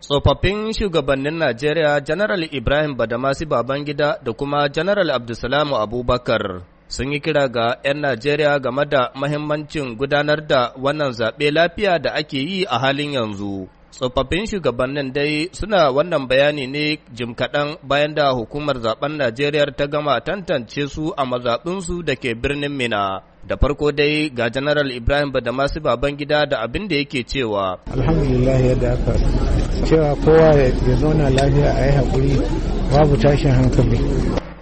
Tsofaffin shugabannin Najeriya General Ibrahim Badamasi Babangida da kuma General Abdulsalamu Abubakar sun yi kira ga 'yan Najeriya game da mahimmancin gudanar da wannan zaɓe lafiya da ake yi a halin yanzu. Tsofaffin shugabannin dai suna wannan bayani ne jim kaɗan bayan da hukumar zaɓen Najeriya ta gama tantance su a mazaɓinsu da ke birnin Mina. da farko dai ga janaral ibrahim badamasi babangida da abin da yake cewa alhamdulillah yadda aka cewa kowa ya zauna lafiya a yi haƙuri babu tashin hankali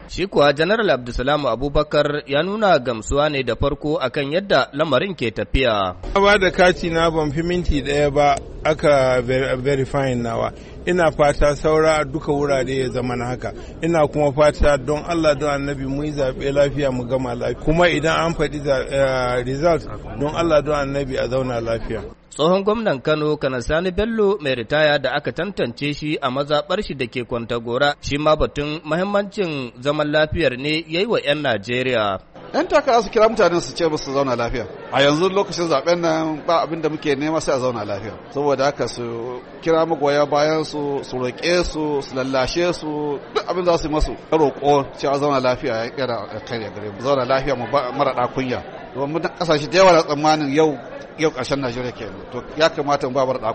Shi kuwa Janaral Abdulsalamu Abubakar ya nuna gamsuwa ne da farko akan yadda lamarin ke tafiya. Ba da kati na ban fi minti ɗaya ba aka verifying nawa. Ina fata saura a duka wurare ya zama na haka. Ina kuma fata don Allah don annabi mu yi zaɓe lafiya mu gama lafiya. Kuma idan an faɗi eh, result don Allah don annabi a zauna lafiya. tsohon gwamnan Kano Kana Sani Bello mai ritaya da aka tantance shi a mazaɓar shi da ke Kwantagora shi ma batun mahimmancin zaman lafiyar ne yayi wa 'yan Najeriya. 'Yan takara su kira mutanen su ce musu zauna lafiya. A yanzu lokacin zaben nan ba abin da muke nema sai a zauna lafiya. Saboda haka su kira magoya bayan su su roƙe su su lallashe su duk abin za su yi masu. Roƙo cewa zauna lafiya ya kira a gare mu. Zauna lafiya mu mara ɗakunya. Domin kasashe da yawa na tsammanin yau yau ƙarshen Najeriya to ya kamata mu babar da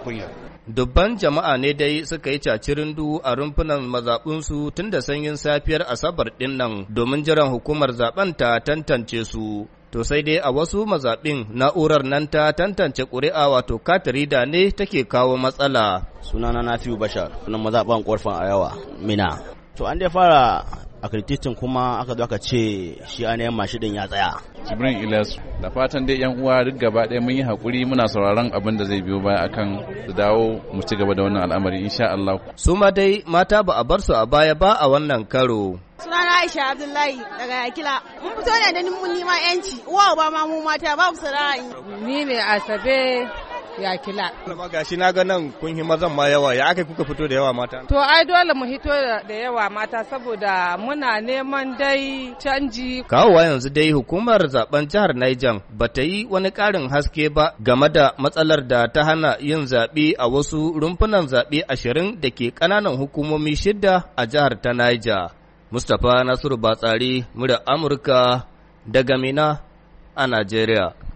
dubban jama'a ne dai suka yi cacirin du a rumfunan mazaɓinsu tun da sanyin safiyar asabar ɗin nan domin jiran hukumar zaben ta tantance su to sai dai a wasu mazaɓin na'urar nan ta tantance ƙuri'a wato katirida ne take kawo matsala sunana na fiyu bashar sunan mazaɓan ƙorfan a yawa mina to an dai fara accreditation kuma aka zo aka ce shi ainihin din ya tsaya jibrin ilyas da fatan dai yan uwa duk gaba ɗaya mun yi hakuri muna sauraron abin da zai biyo baya akan su dawo mu ci gaba da wannan al'amari insha Allah su ma dai mata ba a bar su a baya ba a wannan karo sunana Aisha Abdullahi daga Yakila. Mun fito ne da mun nima yanci, uwa ba ma mu mata ba a sana'a. Ni ne Asabe ya kila. Ga shi na ga nan kun yi mazan ma yawa ya aka kuka fito da yawa mata. To ai dole mu hito da yawa mata saboda muna neman dai canji. Kawowa yanzu dai hukumar zaben jihar Niger ba ta yi wani karin haske ba game da matsalar da ta hana yin zaɓe a wasu rumfunan zaɓe ashirin da ke ƙananan hukumomi shidda a jihar ta Niger. Mustapha Nasiru Batsari, murya Amurka daga Mina a Najeriya.